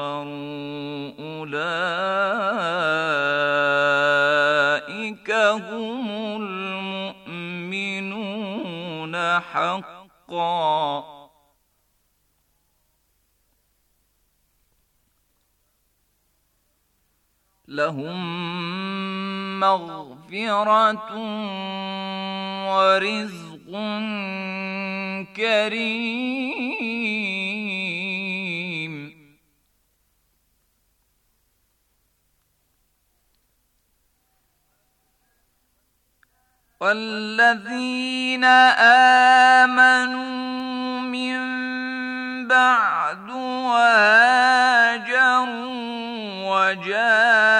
كفروا أولئك هم المؤمنون حقا لهم مغفرة ورزق كريم والذين آمنوا من بعد وهاجروا وجاهدوا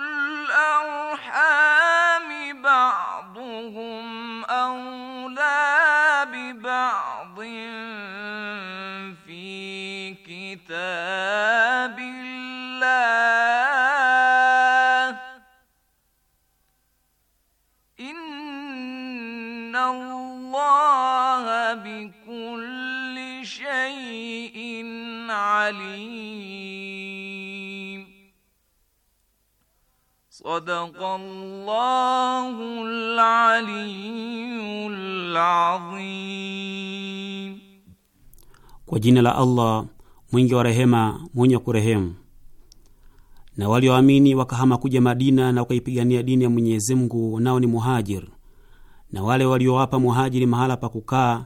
بكل شيء عليم صدق الله العلي العظيم kwa jina la allah mwingi wa rehema mwenye kurehemu na walioamini wakahama kuja madina na wakaipigania dini ya mwenyezi mungu nao ni muhajir na wale waliowapa muhajiri mahala pa kukaa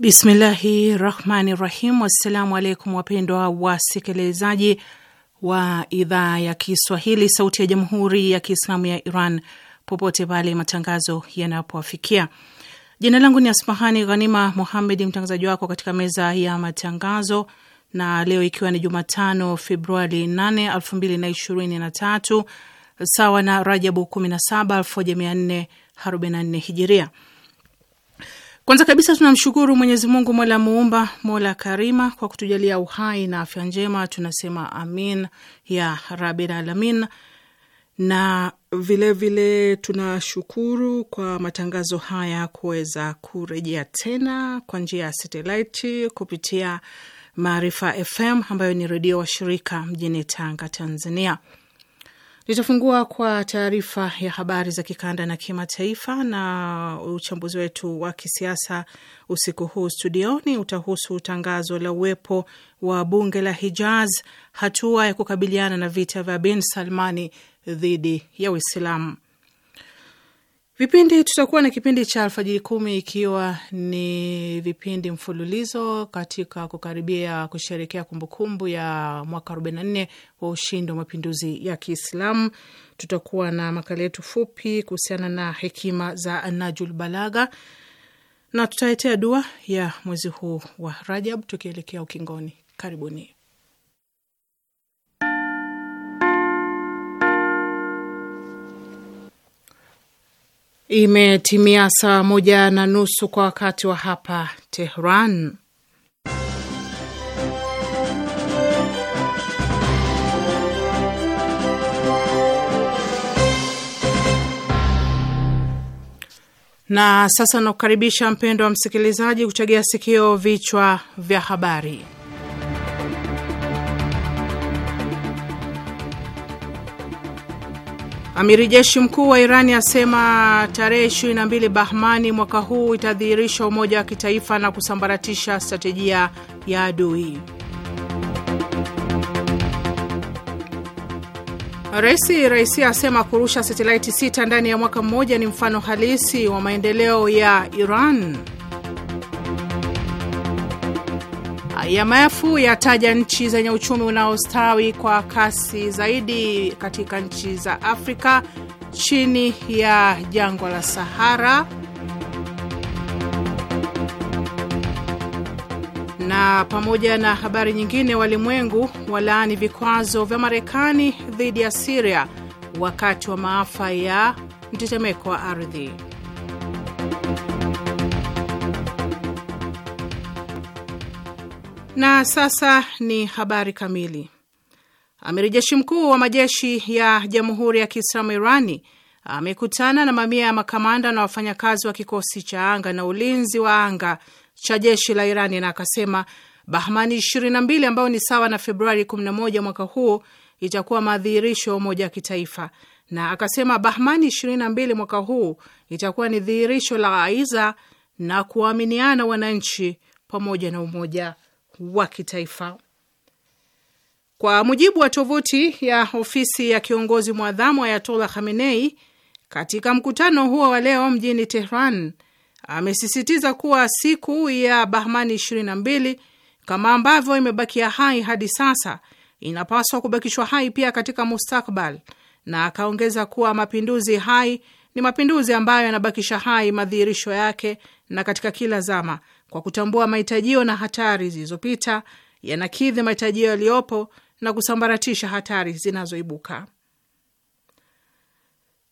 Bismillahi rahmani rahim. Wassalamu alaikum, wapendwa wasikilizaji wa idhaa ya Kiswahili sauti ya jamhuri ya Kiislamu ya Iran popote pale matangazo yanapoafikia Jina langu ni Asmahani Ghanima Muhammedi, mtangazaji wako katika meza ya matangazo, na leo ikiwa ni Jumatano Februari 8 2023 sawa na Rajabu 17 1444 hijiria kwanza kabisa tunamshukuru Mwenyezi Mungu mola muumba mola karima kwa kutujalia uhai na afya njema, tunasema amin ya rabbil alamin. Na vilevile vile tunashukuru kwa matangazo haya kuweza kurejea tena kwa njia ya satelaiti kupitia Maarifa FM ambayo ni redio wa shirika mjini Tanga, Tanzania. Nitafungua kwa taarifa ya habari za kikanda na kimataifa, na uchambuzi wetu wa kisiasa usiku huu studioni utahusu tangazo la uwepo wa bunge la Hijaz, hatua ya kukabiliana na vita vya bin Salmani dhidi ya Uislamu. Vipindi tutakuwa na kipindi cha alfajiri kumi, ikiwa ni vipindi mfululizo katika kukaribia kusherekea kumbukumbu ya mwaka 44 wa ushindi wa mapinduzi ya Kiislamu. Tutakuwa na makala yetu fupi kuhusiana na hekima za Najul Balagha na tutaletea dua ya mwezi huu wa Rajab tukielekea ukingoni. Karibuni. Imetimia saa moja na nusu kwa wakati wa hapa Tehran. Na sasa nakukaribisha mpendo wa msikilizaji kuchagia sikio vichwa vya habari. Amiri jeshi mkuu wa Irani asema tarehe 22 Bahmani mwaka huu itadhihirisha umoja wa kitaifa na kusambaratisha stratejia ya adui. Raisi Raisi asema kurusha satelaiti sita ndani ya mwaka mmoja ni mfano halisi wa maendeleo ya Iran. IMF yataja nchi zenye uchumi unaostawi kwa kasi zaidi katika nchi za Afrika chini ya jangwa la Sahara. Na pamoja na habari nyingine, walimwengu walaani vikwazo vya Marekani dhidi ya Siria wakati wa maafa ya mtetemeko wa ardhi. Na sasa ni habari kamili. Amiri jeshi mkuu wa majeshi ya Jamhuri ya Kiislamu Irani amekutana na mamia ya makamanda na wafanyakazi wa kikosi cha anga na ulinzi wa anga cha jeshi la Irani na akasema Bahmani 22 ambayo ni sawa na Februari 11 mwaka huu itakuwa madhihirisho ya umoja wa kitaifa, na akasema Bahmani 22 mwaka huu itakuwa ni dhihirisho la aiza na kuaminiana wananchi pamoja na umoja wa kitaifa. Kwa mujibu wa tovuti ya ofisi ya kiongozi mwadhamu Ayatollah Khamenei, katika mkutano huo wa leo mjini Tehran amesisitiza kuwa siku ya Bahmani 22 kama ambavyo imebakia hai hadi sasa inapaswa kubakishwa hai pia katika mustakbal, na akaongeza kuwa mapinduzi hai ni mapinduzi ambayo yanabakisha hai madhihirisho yake na katika kila zama kwa kutambua mahitajio na hatari zilizopita, yanakidhi mahitajio yaliyopo na kusambaratisha hatari zinazoibuka.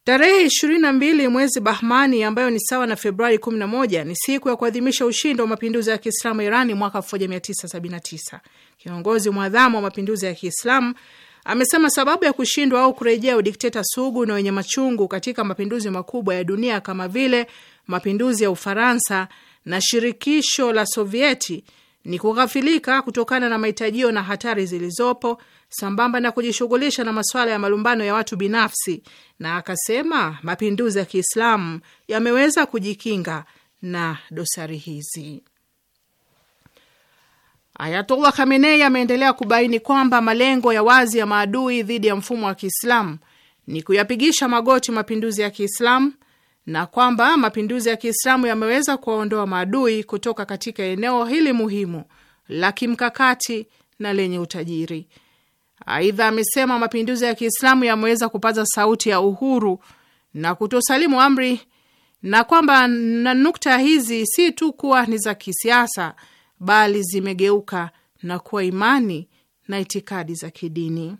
Tarehe 22 mwezi Bahmani ambayo ni sawa na Februari 11 ni siku ya kuadhimisha ushindi wa mapinduzi ya Kiislamu Irani mwaka 1979. Kiongozi mwadhamu wa mapinduzi ya Kiislamu amesema sababu ya kushindwa au kurejea udikteta sugu na wenye machungu katika mapinduzi makubwa ya dunia kama vile mapinduzi ya Ufaransa na shirikisho la Sovieti ni kughafilika kutokana na mahitajio na hatari zilizopo sambamba na kujishughulisha na masuala ya malumbano ya watu binafsi, na akasema mapinduzi ya Kiislamu yameweza kujikinga na dosari hizi. Ayatullah Khamenei ameendelea kubaini kwamba malengo ya wazi ya maadui dhidi ya mfumo wa Kiislamu ni kuyapigisha magoti mapinduzi ya Kiislamu na kwamba mapinduzi ya Kiislamu yameweza kuwaondoa maadui kutoka katika eneo hili muhimu la kimkakati na lenye utajiri. Aidha, amesema mapinduzi ya Kiislamu yameweza kupaza sauti ya uhuru na kutosalimu amri, na kwamba na nukta hizi si tu kuwa ni za kisiasa, bali zimegeuka na kuwa imani na itikadi za kidini.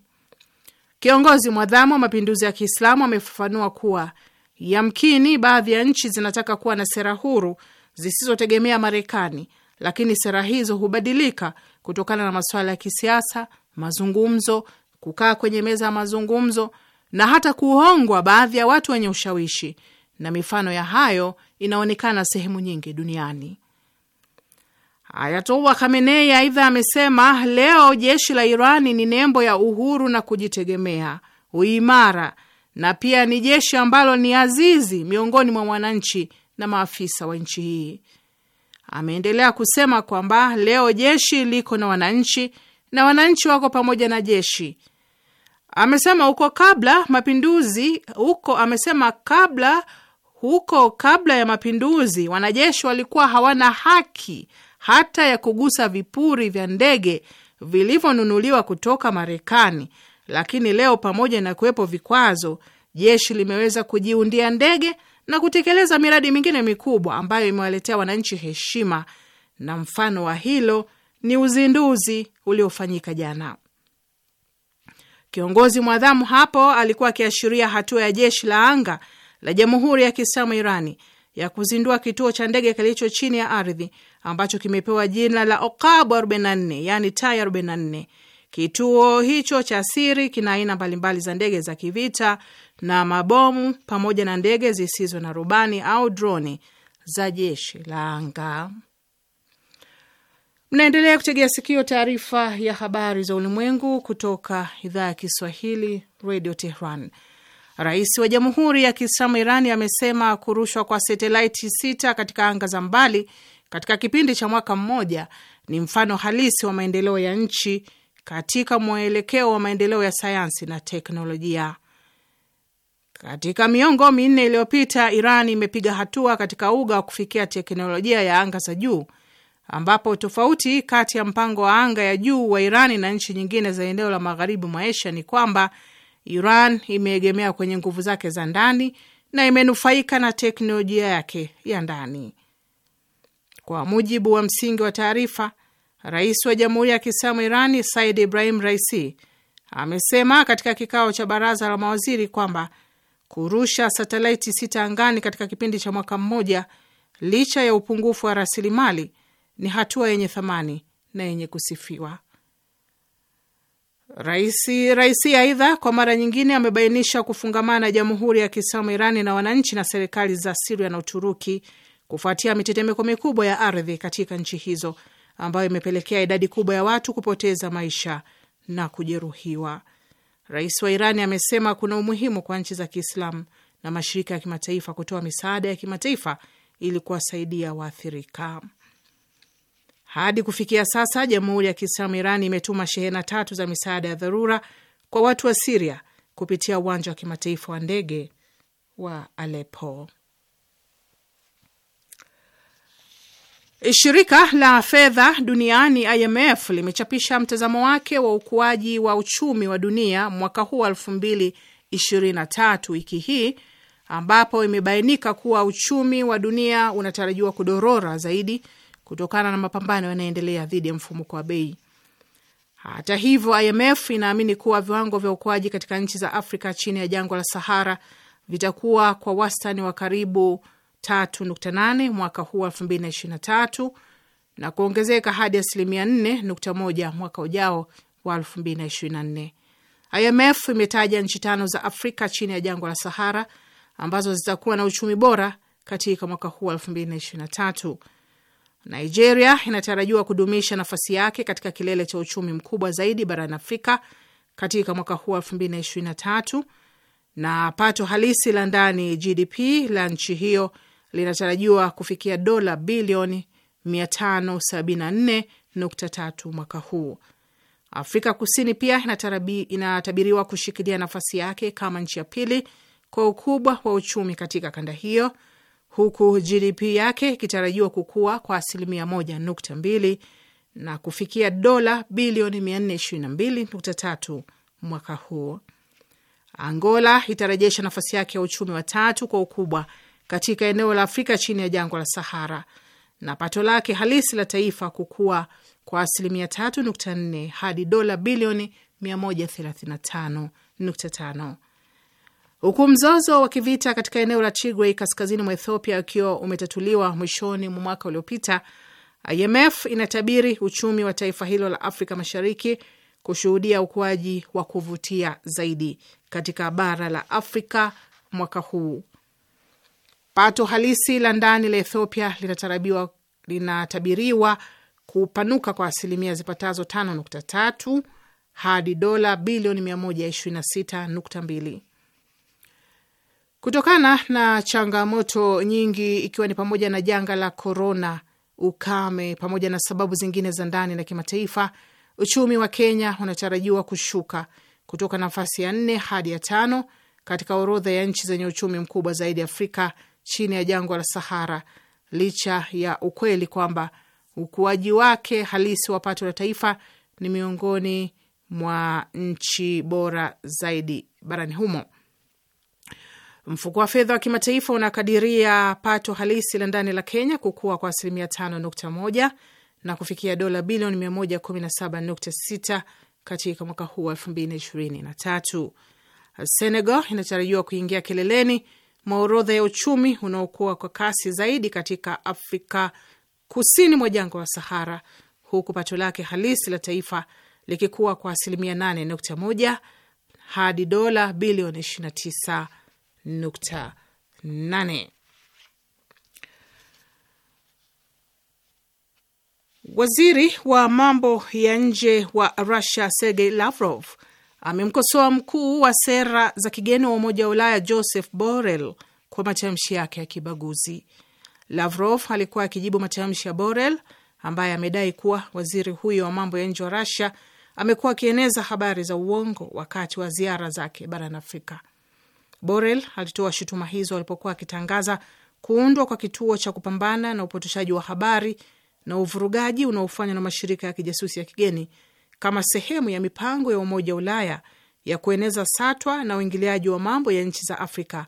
Kiongozi mwadhamu wa mapinduzi ya Kiislamu amefafanua kuwa Yamkini baadhi ya nchi zinataka kuwa na sera huru zisizotegemea Marekani, lakini sera hizo hubadilika kutokana na masuala ya kisiasa, mazungumzo, kukaa kwenye meza ya mazungumzo na hata kuhongwa baadhi ya watu wenye ushawishi, na mifano ya hayo inaonekana sehemu nyingi duniani. Ayatollah Khamenei aidha amesema leo jeshi la Irani ni nembo ya uhuru na kujitegemea, uimara na pia ni jeshi ambalo ni azizi miongoni mwa wananchi na maafisa wa nchi hii. Ameendelea kusema kwamba leo jeshi liko na wananchi na wananchi wako pamoja na jeshi. Amesema huko kabla mapinduzi huko, amesema kabla huko kabla ya mapinduzi wanajeshi walikuwa hawana haki hata ya kugusa vipuri vya ndege vilivyonunuliwa kutoka Marekani lakini leo pamoja na kuwepo vikwazo, jeshi limeweza kujiundia ndege na kutekeleza miradi mingine mikubwa ambayo imewaletea wananchi heshima, na mfano wa hilo ni uzinduzi uliofanyika jana. Kiongozi mwadhamu hapo alikuwa akiashiria hatua ya jeshi la anga la Jamhuri ya Kiislamu Irani ya kuzindua kituo cha ndege kilicho chini ya ardhi ambacho kimepewa jina la Okabu 44 yani tai Kituo hicho cha siri kina aina mbalimbali za ndege za kivita na mabomu pamoja na ndege zisizo na rubani au droni za jeshi la anga. Mnaendelea kutegea sikio taarifa ya habari za ulimwengu kutoka idhaa ya Kiswahili, Radio Tehran. Rais wa Jamhuri ya Kiislamu Irani amesema kurushwa kwa satelaiti sita katika anga za mbali katika kipindi cha mwaka mmoja ni mfano halisi wa maendeleo ya nchi katika mwelekeo wa maendeleo ya sayansi na teknolojia. Katika miongo minne iliyopita, Iran imepiga hatua katika uga wa kufikia teknolojia ya anga za juu, ambapo tofauti kati ya mpango wa anga ya juu wa Irani na nchi nyingine za eneo la magharibi mwa Asia ni kwamba Iran imeegemea kwenye nguvu zake za ndani na imenufaika na teknolojia yake ya ndani. Kwa mujibu wa msingi wa taarifa Rais wa Jamhuri ya Kiislamu Irani Said Ibrahim Raisi amesema katika kikao cha baraza la mawaziri kwamba kurusha satelaiti sita angani katika kipindi cha mwaka mmoja, licha ya upungufu wa rasilimali, ni hatua yenye thamani na yenye kusifiwa. Raisi Raisi aidha, kwa mara nyingine amebainisha kufungamana Jamhuri ya Kiislamu Irani na wananchi na serikali za Siria na Uturuki kufuatia mitetemeko mikubwa ya ardhi katika nchi hizo ambayo imepelekea idadi kubwa ya watu kupoteza maisha na kujeruhiwa. Rais wa Irani amesema kuna umuhimu kwa nchi za Kiislamu na mashirika ya kimataifa kutoa misaada ya kimataifa ili kuwasaidia waathirika. Hadi kufikia sasa, Jamhuri ya Kiislamu Irani imetuma shehena tatu za misaada ya dharura kwa watu wa Siria kupitia uwanja wa kimataifa wa ndege wa Alepo. E, shirika la fedha duniani IMF limechapisha mtazamo wake wa ukuaji wa uchumi wa dunia mwaka huu wa 2023 wiki hii, ambapo imebainika kuwa uchumi wa dunia unatarajiwa kudorora zaidi kutokana na mapambano yanayoendelea dhidi ya mfumuko wa bei. Hata hivyo, IMF inaamini kuwa viwango vya ukuaji katika nchi za Afrika chini ya jangwa la Sahara vitakuwa kwa wastani wa karibu 3.8 mwaka huu wa 2023 na kuongezeka hadi asilimia 4.1 mwaka ujao wa 2024. IMF imetaja nchi tano za Afrika chini ya jangwa la Sahara ambazo zitakuwa na uchumi bora katika mwaka huu wa 2023. Nigeria inatarajiwa kudumisha nafasi yake katika kilele cha uchumi mkubwa zaidi barani Afrika katika mwaka huu wa 2023 na pato halisi la ndani GDP la nchi hiyo linatarajiwa kufikia dola bilioni 574.3 mwaka huu. Afrika Kusini pia inatabiriwa kushikilia nafasi yake kama nchi ya pili kwa ukubwa wa uchumi katika kanda hiyo, huku GDP yake ikitarajiwa kukua kwa asilimia 1.2 na kufikia dola bilioni 422.3 mwaka huu Angola itarejesha nafasi yake ya uchumi wa tatu kwa ukubwa katika eneo la Afrika chini ya jangwa la Sahara na pato lake halisi la taifa kukua kwa asilimia 3.4 hadi dola bilioni 135.5 huku mzozo wa kivita katika eneo la Tigray kaskazini mwa Ethiopia ukiwa umetatuliwa mwishoni mwa mwaka uliopita, IMF inatabiri uchumi wa taifa hilo la Afrika Mashariki kushuhudia ukuaji wa kuvutia zaidi katika bara la Afrika mwaka huu. Pato halisi la ndani la Ethiopia linatarabiwa linatabiriwa kupanuka kwa asilimia zipatazo 5.3 hadi dola bilioni 126.2 kutokana na changamoto nyingi ikiwa ni pamoja na janga la korona, ukame, pamoja na sababu zingine za ndani na kimataifa. Uchumi wa Kenya unatarajiwa kushuka kutoka nafasi ya nne hadi ya tano katika orodha ya nchi zenye uchumi mkubwa zaidi Afrika chini ya jangwa la Sahara, licha ya ukweli kwamba ukuaji wake halisi wa pato la taifa ni miongoni mwa nchi bora zaidi barani humo. Mfuko wa fedha wa kimataifa unakadiria pato halisi la ndani la Kenya kukua kwa asilimia 5.1 na kufikia dola bilioni 117.6 katika mwaka huu wa 2023. Senegal inatarajiwa kuingia kileleni mwa orodha ya uchumi unaokuwa kwa kasi zaidi katika Afrika kusini mwa jangwa la Sahara, huku pato lake halisi la taifa likikuwa kwa asilimia 8.1 hadi dola bilioni 29.8. Waziri wa mambo ya nje wa Russia Sergei Lavrov amemkosoa mkuu wa sera za kigeni wa Umoja wa Ulaya Joseph Borrell kwa matamshi yake ya kibaguzi. Lavrov alikuwa akijibu matamshi ya Borrell ambaye amedai kuwa waziri huyo wa mambo ya nje wa rasia amekuwa akieneza habari za uongo wakati wa ziara zake barani Afrika. Borrell alitoa shutuma hizo alipokuwa akitangaza kuundwa kwa kituo cha kupambana na upotoshaji wa habari na uvurugaji unaofanywa na mashirika ya kijasusi ya kigeni kama sehemu ya mipango ya Umoja wa Ulaya ya kueneza satwa na uingiliaji wa mambo ya nchi za Afrika,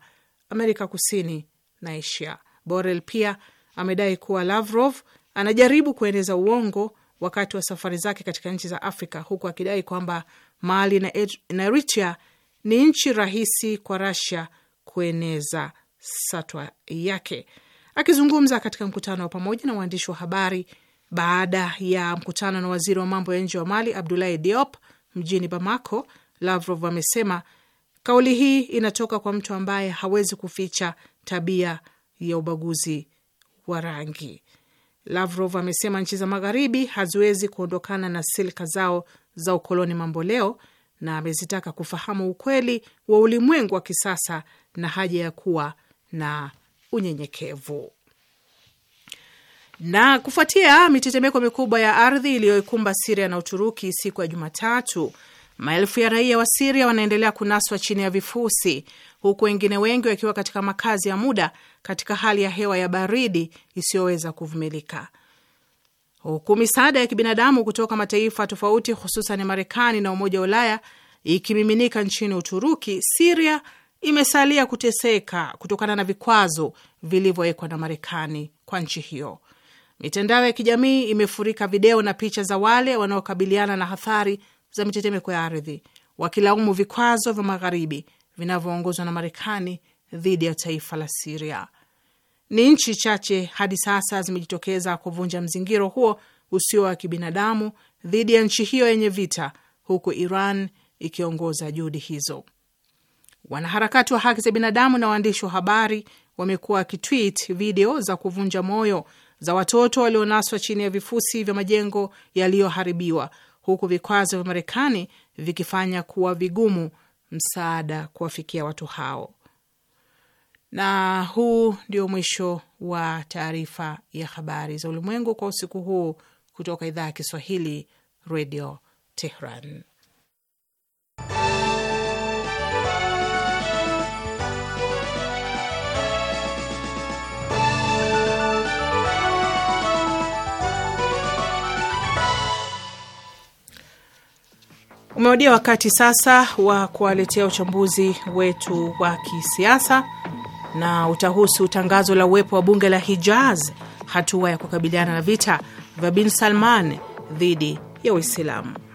Amerika Kusini na Asia. Borel pia amedai kuwa Lavrov anajaribu kueneza uongo wakati wa safari zake katika nchi za Afrika, huku akidai kwamba Mali na, na Eritrea ni nchi rahisi kwa Russia kueneza satwa yake. Akizungumza katika mkutano wa pamoja na waandishi wa habari baada ya mkutano na waziri wa mambo ya nje wa Mali Abdoulaye Diop mjini Bamako, Lavrov amesema kauli hii inatoka kwa mtu ambaye hawezi kuficha tabia ya ubaguzi wa rangi. Lavrov amesema nchi za magharibi haziwezi kuondokana na silka zao za ukoloni mamboleo, na amezitaka kufahamu ukweli wa ulimwengu wa kisasa na haja ya kuwa na unyenyekevu. Na kufuatia mitetemeko mikubwa ya ardhi iliyoikumba Siria na Uturuki siku ya Jumatatu, maelfu ya raia wa Siria wanaendelea kunaswa chini ya vifusi, huku wengine wengi wakiwa katika makazi ya muda katika hali ya hewa ya baridi isiyoweza kuvumilika, huku misaada ya kibinadamu kutoka mataifa tofauti, hususan Marekani na Umoja wa Ulaya ikimiminika nchini Uturuki. Siria imesalia kuteseka kutokana na vikwazo vilivyowekwa na Marekani kwa nchi hiyo. Mitandao ya kijamii imefurika video na picha za wale wanaokabiliana na hathari za mitetemeko ya ardhi, wakilaumu vikwazo vya magharibi vinavyoongozwa na Marekani dhidi ya taifa la Siria. Ni nchi chache hadi sasa zimejitokeza kuvunja mzingiro huo usio wa kibinadamu dhidi ya nchi hiyo yenye vita, huku Iran ikiongoza juhudi hizo. Wanaharakati wa haki za binadamu na waandishi wa habari wamekuwa wakitweet video za kuvunja moyo za watoto walionaswa chini ya vifusi vya majengo yaliyoharibiwa, huku vikwazo vya Marekani vikifanya kuwa vigumu msaada kuwafikia watu hao. Na huu ndio mwisho wa taarifa ya habari za ulimwengu kwa usiku huu kutoka idhaa ya Kiswahili, Redio Tehran. Umewadia wakati sasa wa kuwaletea uchambuzi wetu wa kisiasa na utahusu tangazo la uwepo wa bunge la Hijaz, hatua ya kukabiliana na vita vya bin Salman dhidi ya Uislamu.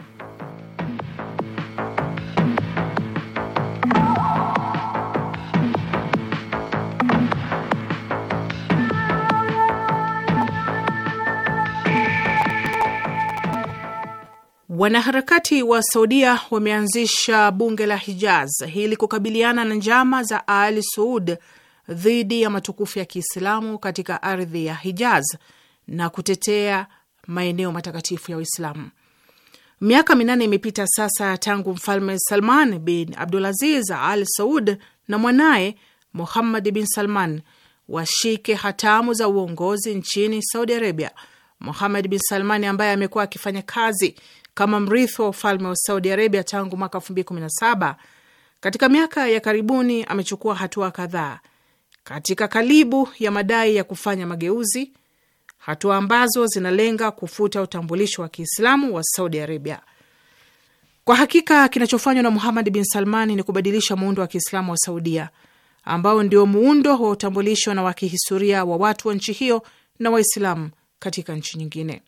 Wanaharakati wa Saudia wameanzisha bunge la Hijaz ili kukabiliana na njama za Al Saud dhidi ya matukufu ya Kiislamu katika ardhi ya Hijaz na kutetea maeneo matakatifu ya Uislamu. Miaka minane imepita sasa tangu Mfalme Salman bin Abdulaziz Al Saud na mwanaye Muhammad bin Salman washike hatamu za uongozi nchini Saudi Arabia. Muhammad bin Salman ambaye amekuwa akifanya kazi kama mrithi wa ufalme wa Saudi Arabia tangu mwaka 2017, katika miaka ya karibuni amechukua hatua kadhaa katika kalibu ya madai ya kufanya mageuzi, hatua ambazo zinalenga kufuta utambulisho wa Kiislamu wa Saudi Arabia. Kwa hakika kinachofanywa na muhamad bin Salmani ni kubadilisha muundo wa Kiislamu wa Saudia ambao ndio muundo wa utambulisho na wa kihistoria wa watu wa nchi hiyo na Waislamu katika nchi nyingine.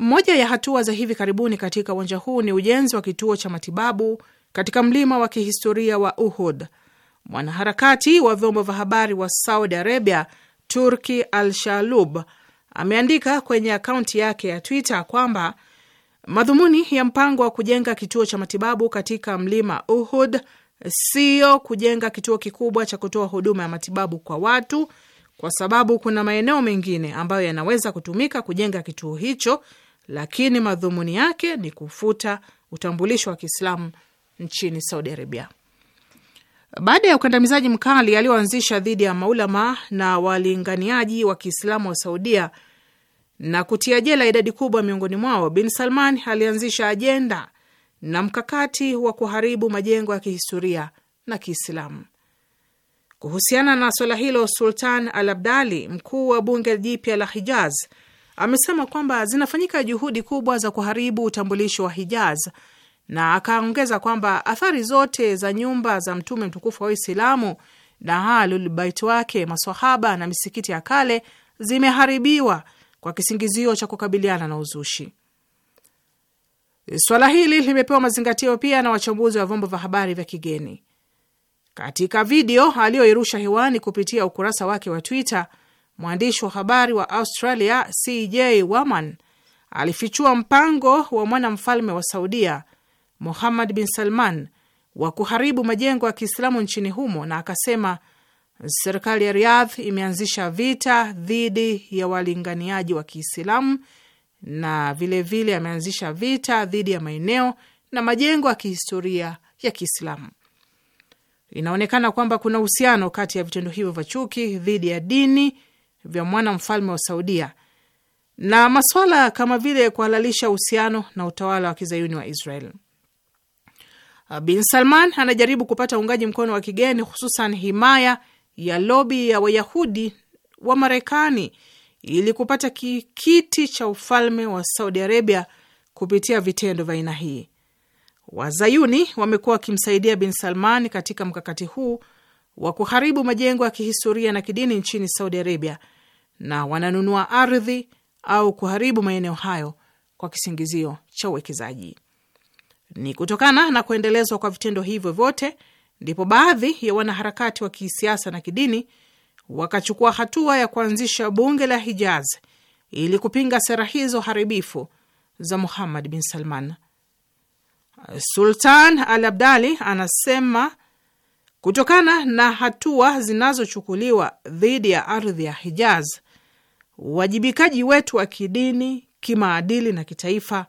Moja ya hatua za hivi karibuni katika uwanja huu ni ujenzi wa kituo cha matibabu katika mlima wa kihistoria wa Uhud. Mwanaharakati wa vyombo vya habari wa Saudi Arabia, Turki Al Shalub, ameandika kwenye akaunti yake ya Twitter kwamba madhumuni ya mpango wa kujenga kituo cha matibabu katika mlima Uhud siyo kujenga kituo kikubwa cha kutoa huduma ya matibabu kwa watu, kwa sababu kuna maeneo mengine ambayo yanaweza kutumika kujenga kituo hicho lakini madhumuni yake ni kufuta utambulisho wa Kiislamu nchini Saudi Arabia. Baada ya ukandamizaji mkali aliyoanzisha dhidi ya maulama na walinganiaji wa Kiislamu wa Saudia na kutia jela idadi kubwa miongoni mwao, Bin Salman alianzisha ajenda na mkakati wa kuharibu majengo ya kihistoria na Kiislamu. Kuhusiana na swala hilo, Sultan Al Abdali, mkuu wa bunge jipya la Hijaz, amesema kwamba zinafanyika juhudi kubwa za kuharibu utambulisho wa Hijaz na akaongeza kwamba athari zote za nyumba za mtume mtukufu wa Uislamu na Ahlul Bait wake, maswahaba na misikiti ya kale zimeharibiwa kwa kisingizio cha kukabiliana na uzushi. Swala hili limepewa mazingatio pia na wachambuzi wa vyombo vya habari vya kigeni. Katika video aliyoirusha hewani kupitia ukurasa wake wa Twitter, mwandishi wa habari wa Australia CJ Waman alifichua mpango wa mwanamfalme wa Saudia Muhammad bin Salman wa kuharibu majengo ya Kiislamu nchini humo, na akasema serikali ya Riyadh imeanzisha vita dhidi ya walinganiaji wa Kiislamu na vilevile vile ameanzisha vita dhidi ya maeneo na majengo ya kihistoria ya Kiislamu. Inaonekana kwamba kuna uhusiano kati ya vitendo hivyo vya chuki dhidi ya dini vya mwana mfalme wa Saudia na maswala kama vile kuhalalisha uhusiano na utawala wa kizayuni wa Israel. Uh, Bin Salman anajaribu kupata uungaji mkono wa kigeni, hususan himaya ya lobi ya Wayahudi wa Marekani ili kupata kiti cha ufalme wa Saudi Arabia kupitia vitendo vya aina hii. Wazayuni wamekuwa wakimsaidia Bin Salman katika mkakati huu wa kuharibu majengo ya kihistoria na kidini nchini Saudi Arabia, na wananunua ardhi au kuharibu maeneo hayo kwa kisingizio cha uwekezaji. Ni kutokana na kuendelezwa kwa vitendo hivyo vyote ndipo baadhi ya wanaharakati wa kisiasa na kidini wakachukua hatua ya kuanzisha bunge la Hijaz ili kupinga sera hizo haribifu za Muhammad bin Salman. Sultan Al Abdali anasema Kutokana na hatua zinazochukuliwa dhidi ya ardhi ya Hijaz, uwajibikaji wetu wa kidini, kimaadili na kitaifa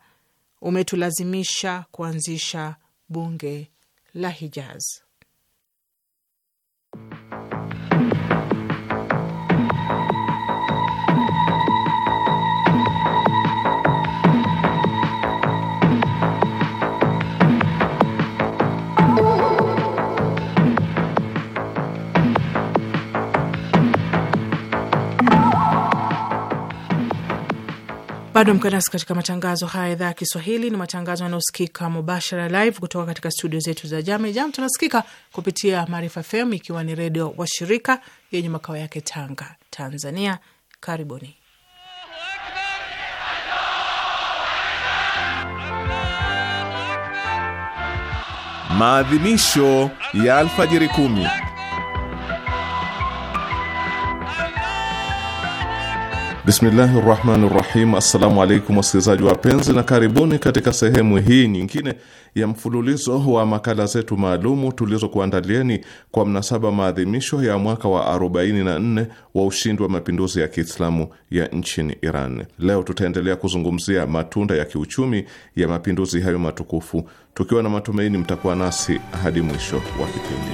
umetulazimisha kuanzisha bunge la Hijaz. Bado mko nasi katika matangazo haya ya idhaa ya Kiswahili. Ni matangazo yanayosikika mubashara live kutoka katika studio zetu za Jame Jam. Tunasikika kupitia Maarifa FM, ikiwa ni redio washirika yenye makao yake Tanga, Tanzania. Karibuni. Maadhimisho ya Alfajiri Kumi. Bismillahi rahmani rahim. Assalamu alaikum wasikilizaji wapenzi, na karibuni katika sehemu hii nyingine ya mfululizo wa makala zetu maalumu tulizokuandalieni kwa mnasaba maadhimisho ya mwaka wa 44 wa ushindi wa mapinduzi ya Kiislamu ya nchini Iran. Leo tutaendelea kuzungumzia matunda ya kiuchumi ya mapinduzi hayo matukufu, tukiwa na matumaini mtakuwa nasi hadi mwisho wa kipindi.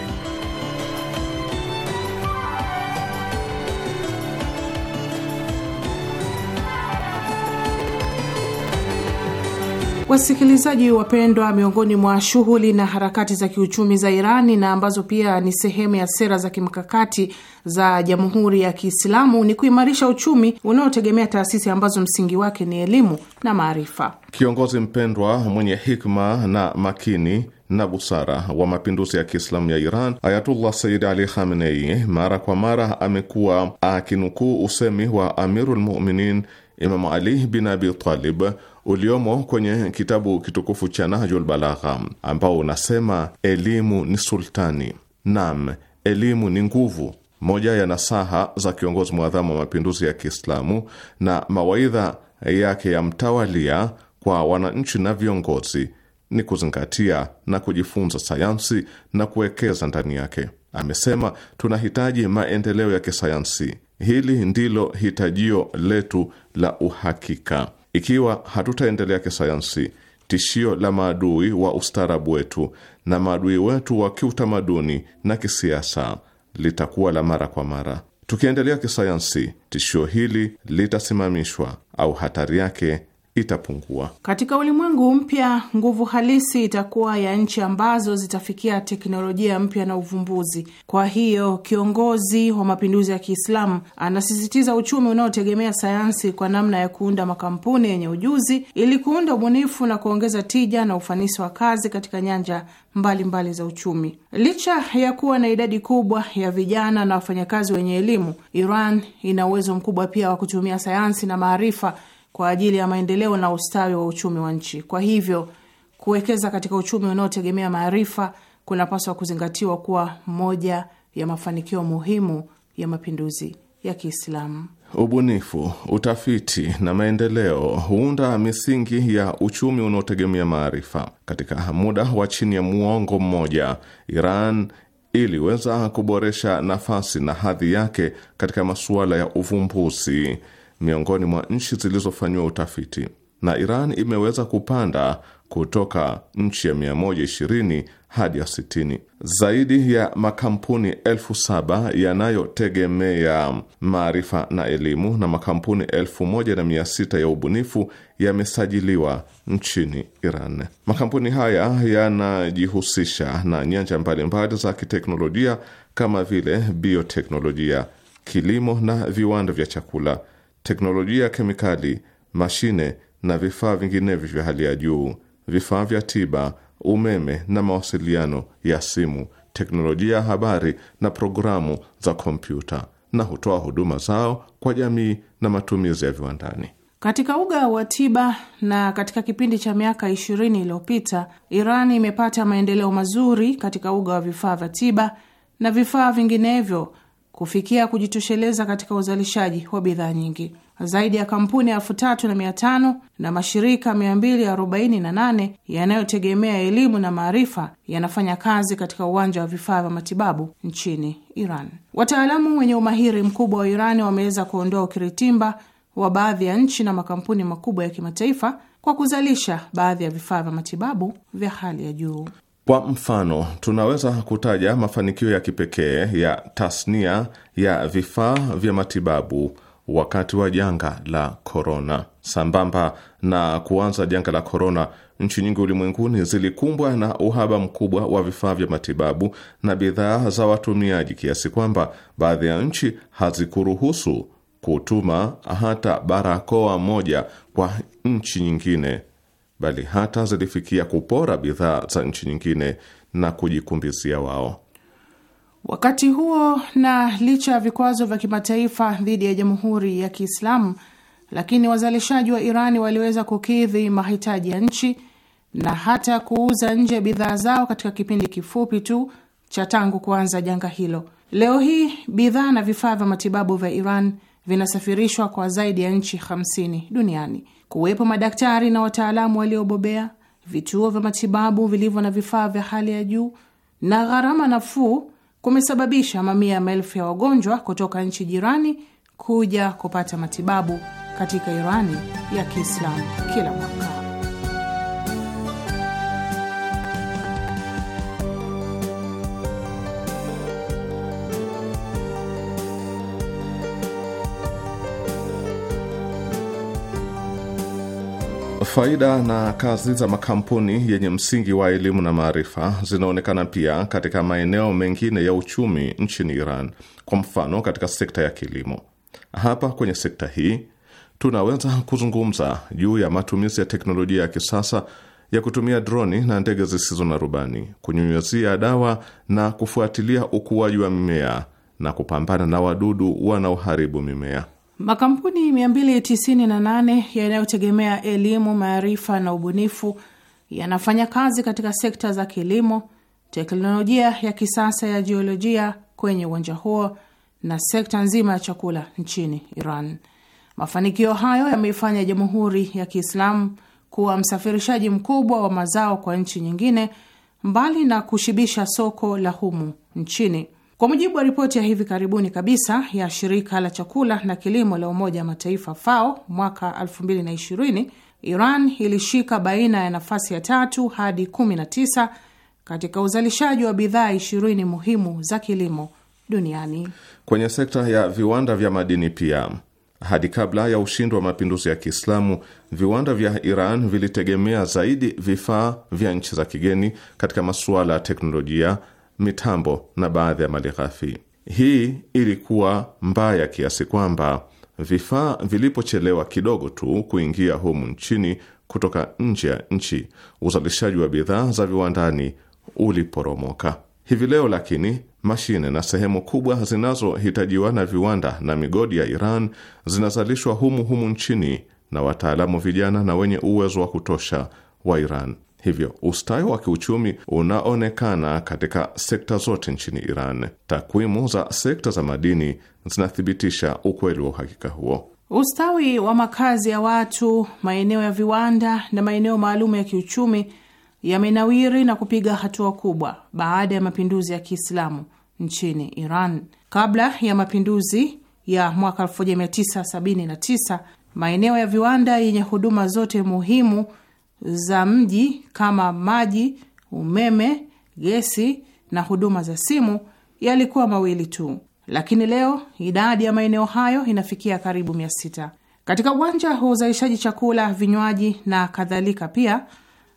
Wasikilizaji wapendwa, miongoni mwa shughuli na harakati za kiuchumi za Irani na ambazo pia ni sehemu ya sera za kimkakati za Jamhuri ya Kiislamu ni kuimarisha uchumi unaotegemea taasisi ambazo msingi wake ni elimu na maarifa. Kiongozi mpendwa mwenye hikma na makini na busara wa mapinduzi ya Kiislamu ya Iran Ayatullah Sayyid Ali Khamenei mara kwa mara amekuwa akinukuu usemi wa Amirul Muminin Imamu Ali bin Abi Talib uliomo kwenye kitabu kitukufu cha Nahjul Balagha ambao unasema elimu ni sultani. Naam, elimu ni nguvu. Moja ya nasaha za kiongozi mwadhamu wa mapinduzi ya Kiislamu na mawaidha yake ya mtawalia kwa wananchi na viongozi ni kuzingatia na kujifunza sayansi na kuwekeza ndani yake. Amesema tunahitaji maendeleo ya kisayansi. Hili ndilo hitajio letu la uhakika. Ikiwa hatutaendelea kisayansi, tishio la maadui wa ustaarabu wetu na maadui wetu wa kiutamaduni na kisiasa litakuwa la mara kwa mara. Tukiendelea kisayansi, tishio hili litasimamishwa au hatari yake itapungua. Katika ulimwengu mpya, nguvu halisi itakuwa ya nchi ambazo zitafikia teknolojia mpya na uvumbuzi. Kwa hiyo, kiongozi wa mapinduzi ya Kiislamu anasisitiza uchumi unaotegemea sayansi kwa namna ya kuunda makampuni yenye ujuzi ili kuunda ubunifu na kuongeza tija na ufanisi wa kazi katika nyanja mbalimbali mbali za uchumi. Licha ya kuwa na idadi kubwa ya vijana na wafanyakazi wenye elimu, Iran ina uwezo mkubwa pia wa kutumia sayansi na maarifa kwa ajili ya maendeleo na ustawi wa uchumi wa nchi. Kwa hivyo kuwekeza katika uchumi unaotegemea maarifa kunapaswa kuzingatiwa kuwa moja ya mafanikio muhimu ya mapinduzi ya Kiislamu. Ubunifu, utafiti na maendeleo huunda misingi ya uchumi unaotegemea maarifa. Katika muda wa chini ya muongo mmoja, Iran iliweza kuboresha nafasi na hadhi yake katika masuala ya uvumbuzi miongoni mwa nchi zilizofanyiwa utafiti na Iran imeweza kupanda kutoka nchi ya 120 hadi ya 60. Zaidi ya makampuni elfu saba yanayotegemea maarifa na elimu na makampuni elfu moja na mia sita ya ubunifu yamesajiliwa nchini Iran. Makampuni haya yanajihusisha na nyanja mbalimbali za kiteknolojia kama vile bioteknolojia, kilimo na viwanda vya chakula teknolojia ya kemikali, mashine na vifaa vinginevyo vya hali ya juu, vifaa vya tiba, umeme na mawasiliano ya simu, teknolojia ya habari na programu za kompyuta, na hutoa huduma zao kwa jamii na matumizi ya viwandani. Katika uga wa tiba na katika kipindi cha miaka ishirini iliyopita, Iran imepata maendeleo mazuri katika uga wa vifaa vya tiba na vifaa vinginevyo kufikia kujitosheleza katika uzalishaji wa bidhaa nyingi. Zaidi ya kampuni elfu tatu na mia tano na mashirika 248 yanayotegemea elimu na maarifa yanafanya kazi katika uwanja wa vifaa vya matibabu nchini Iran. Wataalamu wenye umahiri mkubwa wa Irani wameweza kuondoa ukiritimba wa baadhi ya nchi na makampuni makubwa ya kimataifa kwa kuzalisha baadhi ya vifaa vya matibabu vya hali ya juu. Kwa mfano, tunaweza kutaja mafanikio ya kipekee ya tasnia ya vifaa vya matibabu wakati wa janga la korona. Sambamba na kuanza janga la korona, nchi nyingi ulimwenguni zilikumbwa na uhaba mkubwa wa vifaa vya matibabu na bidhaa za watumiaji, kiasi kwamba baadhi ya nchi hazikuruhusu kutuma hata barakoa moja kwa nchi nyingine bali hata zilifikia kupora bidhaa za nchi nyingine na kujikumbizia wao. Wakati huo na licha ya vikwazo vya kimataifa dhidi ya Jamhuri ya Kiislamu, lakini wazalishaji wa Irani waliweza kukidhi mahitaji ya nchi na hata kuuza nje bidhaa zao katika kipindi kifupi tu cha tangu kuanza janga hilo. Leo hii bidhaa na vifaa vya matibabu vya Iran vinasafirishwa kwa zaidi ya nchi 50 duniani kuwepo madaktari na wataalamu waliobobea, vituo vya matibabu vilivyo na vifaa vya hali ya juu na gharama nafuu kumesababisha mamia ya maelfu ya wagonjwa kutoka nchi jirani kuja kupata matibabu katika Irani ya Kiislamu kila mwaka. Faida na kazi za makampuni yenye msingi wa elimu na maarifa zinaonekana pia katika maeneo mengine ya uchumi nchini Iran, kwa mfano katika sekta ya kilimo. Hapa kwenye sekta hii tunaweza kuzungumza juu ya matumizi ya teknolojia ya kisasa ya kutumia droni na ndege zisizo na rubani, kunyunyuzia dawa na kufuatilia ukuaji wa mimea na kupambana na wadudu wanaoharibu mimea. Makampuni 298 yanayotegemea elimu, maarifa na ubunifu yanafanya kazi katika sekta za kilimo, teknolojia ya kisasa ya jiolojia kwenye uwanja huo na sekta nzima ya chakula nchini Iran. Mafanikio hayo yameifanya Jamhuri ya Kiislamu kuwa msafirishaji mkubwa wa mazao kwa nchi nyingine, mbali na kushibisha soko la humu nchini. Kwa mujibu wa ripoti ya hivi karibuni kabisa ya shirika la chakula na kilimo la Umoja wa Mataifa FAO mwaka 2020, Iran ilishika baina ya nafasi ya tatu hadi 19 katika uzalishaji wa bidhaa ishirini muhimu za kilimo duniani. Kwenye sekta ya viwanda vya madini pia, hadi kabla ya ushindi wa mapinduzi ya Kiislamu, viwanda vya Iran vilitegemea zaidi vifaa vya nchi za kigeni katika masuala ya teknolojia mitambo na baadhi ya mali ghafi. Hii ilikuwa mbaya kiasi kwamba vifaa vilipochelewa kidogo tu kuingia humu nchini kutoka nje ya nchi, uzalishaji wa bidhaa za viwandani uliporomoka. Hivi leo lakini mashine na sehemu kubwa zinazohitajiwa na viwanda na migodi ya Iran zinazalishwa humu humu nchini na wataalamu vijana na wenye uwezo wa kutosha wa Iran. Hivyo ustawi wa kiuchumi unaonekana katika sekta zote nchini Iran. Takwimu za sekta za madini zinathibitisha ukweli wa uhakika huo. Ustawi wa makazi ya watu, maeneo ya viwanda na maeneo maalum ya kiuchumi yamenawiri na kupiga hatua kubwa baada ya mapinduzi ya Kiislamu nchini Iran. Kabla ya mapinduzi ya mwaka 1979 maeneo ya viwanda yenye huduma zote muhimu za mji kama maji, umeme, gesi na huduma za simu yalikuwa mawili tu, lakini leo idadi ya maeneo hayo inafikia karibu mia sita. Katika uwanja wa uzalishaji chakula, vinywaji na kadhalika, pia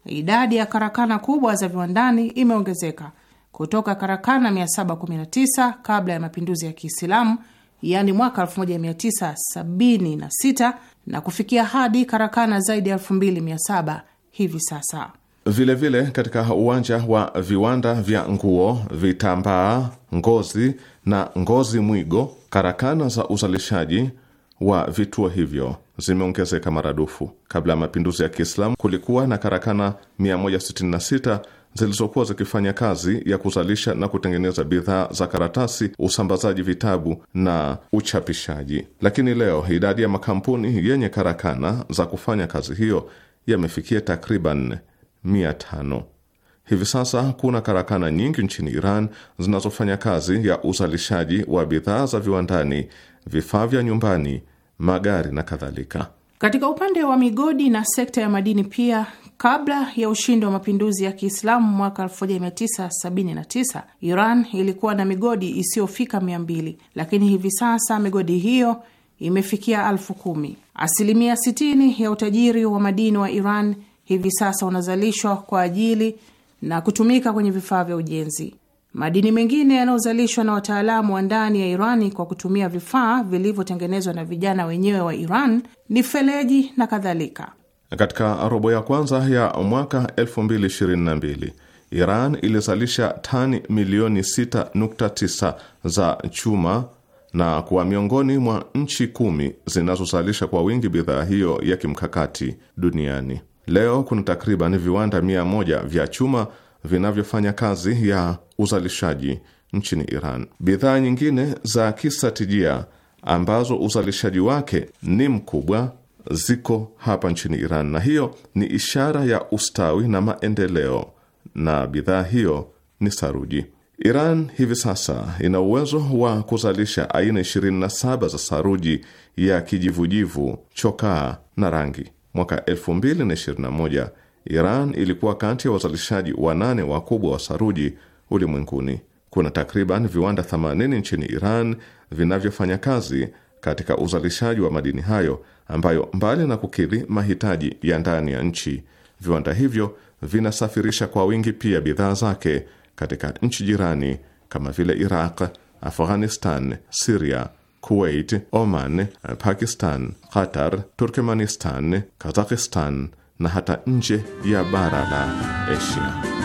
idadi ya karakana kubwa za viwandani imeongezeka kutoka karakana 719 kabla ya mapinduzi ya Kiislamu, yaani mwaka 1976 na kufikia hadi karakana zaidi ya 2700 hivi sasa. Vilevile vile, katika uwanja wa viwanda vya nguo, vitambaa, ngozi na ngozi mwigo, karakana za uzalishaji wa vituo hivyo zimeongezeka maradufu. Kabla ya mapinduzi ya Kiislamu kulikuwa na karakana 166 zilizokuwa zikifanya kazi ya kuzalisha na kutengeneza bidhaa za karatasi, usambazaji vitabu na uchapishaji. Lakini leo idadi ya makampuni yenye karakana za kufanya kazi hiyo yamefikia takriban mia tano. Hivi sasa kuna karakana nyingi nchini Iran zinazofanya kazi ya uzalishaji wa bidhaa za viwandani, vifaa vya nyumbani, magari na kadhalika. Katika upande wa migodi na sekta ya madini pia, kabla ya ushindi wa mapinduzi ya Kiislamu mwaka 1979 Iran ilikuwa na migodi isiyofika 200, lakini hivi sasa migodi hiyo imefikia elfu kumi. Asilimia 60 ya utajiri wa madini wa Iran hivi sasa unazalishwa kwa ajili na kutumika kwenye vifaa vya ujenzi. Madini mengine yanayozalishwa na wataalamu wa ndani ya Irani kwa kutumia vifaa vilivyotengenezwa na vijana wenyewe wa Iran ni feleji na kadhalika. Katika robo ya kwanza ya mwaka 2022 Iran ilizalisha tani milioni 6.9 za chuma na kuwa miongoni mwa nchi kumi zinazozalisha kwa wingi bidhaa hiyo ya kimkakati duniani. Leo kuna takriban viwanda mia moja vya chuma vinavyofanya kazi ya uzalishaji nchini Iran. Bidhaa nyingine za kistratijia ambazo uzalishaji wake ni mkubwa ziko hapa nchini Iran, na hiyo ni ishara ya ustawi na maendeleo, na bidhaa hiyo ni saruji. Iran hivi sasa ina uwezo wa kuzalisha aina 27 za saruji ya kijivujivu, chokaa na rangi. Mwaka 2021 Iran ilikuwa kati ya wazalishaji wanane wakubwa wa saruji ulimwenguni. Kuna takriban viwanda 80 nchini Iran vinavyofanya kazi katika uzalishaji wa madini hayo ambayo mbali na kukidhi mahitaji ya ndani ya nchi, viwanda hivyo vinasafirisha kwa wingi pia bidhaa zake katika nchi jirani kama vile Iraq, Afghanistan, Siria, Kuwait, Oman, Pakistan, Qatar, Turkmenistan, Kazakhistan na hata nje ya bara la Asia.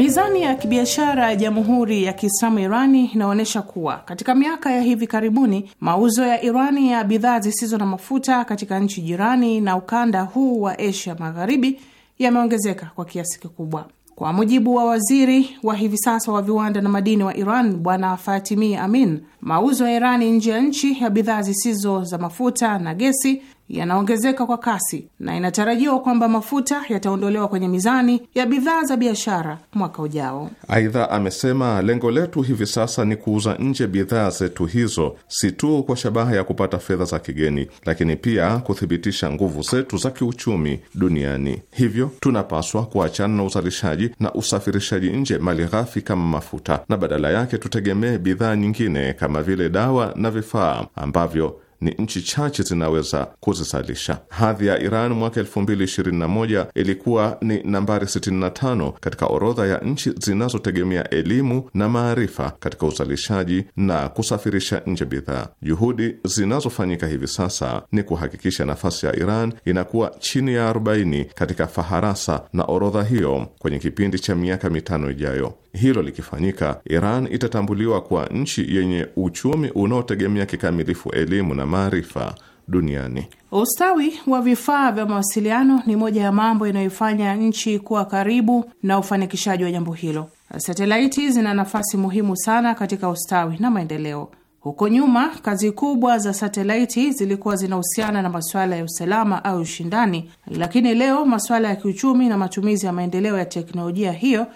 Mizani ya kibiashara ya Jamhuri ya Kiislamu Irani inaonyesha kuwa katika miaka ya hivi karibuni mauzo ya Irani ya bidhaa zisizo na mafuta katika nchi jirani na ukanda huu wa Asia Magharibi yameongezeka kwa kiasi kikubwa. Kwa mujibu wa waziri wa hivi sasa wa viwanda na madini wa Iran Bwana Fatimi Amin, mauzo ya Irani nje ya nchi ya bidhaa zisizo za mafuta na gesi yanaongezeka kwa kasi na inatarajiwa kwamba mafuta yataondolewa kwenye mizani ya bidhaa za biashara mwaka ujao. Aidha, amesema lengo letu hivi sasa ni kuuza nje bidhaa zetu hizo, si tu kwa shabaha ya kupata fedha za kigeni, lakini pia kuthibitisha nguvu zetu za kiuchumi duniani. Hivyo tunapaswa kuachana na uzalishaji na usafirishaji nje mali ghafi kama mafuta, na badala yake tutegemee bidhaa nyingine kama vile dawa na vifaa ambavyo ni nchi chache zinaweza kuzizalisha. Hadhi ya Iran mwaka 2021 ilikuwa ni nambari 65 katika orodha ya nchi zinazotegemea elimu na maarifa katika uzalishaji na kusafirisha nje bidhaa. Juhudi zinazofanyika hivi sasa ni kuhakikisha nafasi ya Iran inakuwa chini ya 40 katika faharasa na orodha hiyo kwenye kipindi cha miaka mitano ijayo hilo likifanyika, Iran itatambuliwa kwa nchi yenye uchumi unaotegemea kikamilifu elimu na maarifa duniani. Ustawi wa vifaa vya mawasiliano ni moja ya mambo yanayoifanya nchi kuwa karibu na ufanikishaji wa jambo hilo. Satelaiti zina nafasi muhimu sana katika ustawi na maendeleo. Huko nyuma, kazi kubwa za satelaiti zilikuwa zinahusiana na masuala ya usalama au ushindani, lakini leo masuala ya kiuchumi na matumizi ya maendeleo ya teknolojia hiyo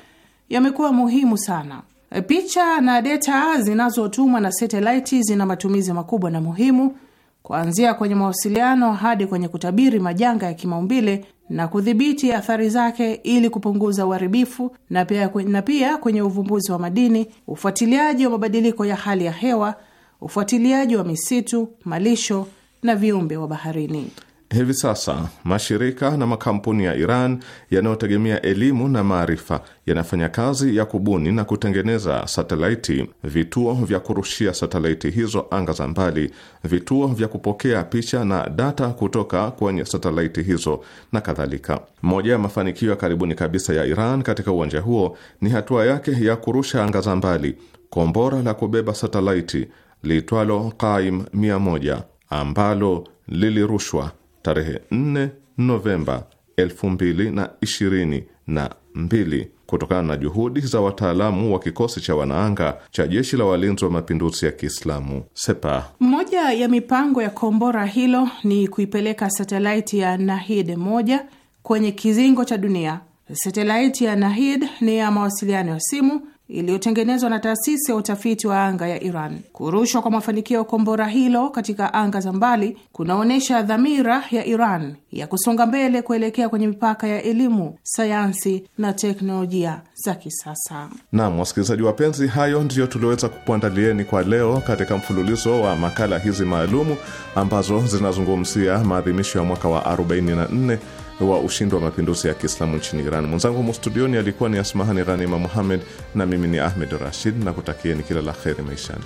yamekuwa muhimu sana. E, picha na data zinazotumwa na satelaiti zina matumizi makubwa na muhimu, kuanzia kwenye mawasiliano hadi kwenye kutabiri majanga ya kimaumbile na kudhibiti athari zake ili kupunguza uharibifu, na pia, na pia kwenye uvumbuzi wa madini, ufuatiliaji wa mabadiliko ya hali ya hewa, ufuatiliaji wa misitu, malisho na viumbe wa baharini. Hivi sasa mashirika na makampuni ya Iran yanayotegemea elimu na maarifa yanafanya kazi ya kubuni na kutengeneza satelaiti, vituo vya kurushia satelaiti hizo anga za mbali, vituo vya kupokea picha na data kutoka kwenye satelaiti hizo na kadhalika. Moja ya mafanikio ya karibuni kabisa ya Iran katika uwanja huo ni hatua yake ya kurusha anga za mbali kombora la kubeba satelaiti liitwalo Qaim 100 ambalo lilirushwa tarehe 4 Novemba 2022 kutokana na juhudi za wataalamu wa kikosi cha wanaanga cha jeshi la walinzi wa mapinduzi ya Kiislamu Sepa. Moja ya mipango ya kombora hilo ni kuipeleka satelaiti ya Nahid moja kwenye kizingo cha dunia. Satelaiti ya Nahid ni ya mawasiliano ya simu iliyotengenezwa na taasisi ya utafiti wa anga ya Iran. Kurushwa kwa mafanikio ya kombora hilo katika anga za mbali kunaonyesha dhamira ya Iran ya kusonga mbele kuelekea kwenye mipaka ya elimu, sayansi na teknolojia za kisasa. Naam, wasikilizaji wapenzi, hayo ndiyo tulioweza kukuandalieni kwa leo katika mfululizo wa makala hizi maalumu ambazo zinazungumzia maadhimisho ya mwaka wa 44 wa ushindi wa mapinduzi ya Kiislamu nchini Iran. Mwenzangu humu studioni alikuwa ni Asmahani Ghanima Muhammed na mimi ni Ahmed Rashid na kutakieni kila la kheri maishani.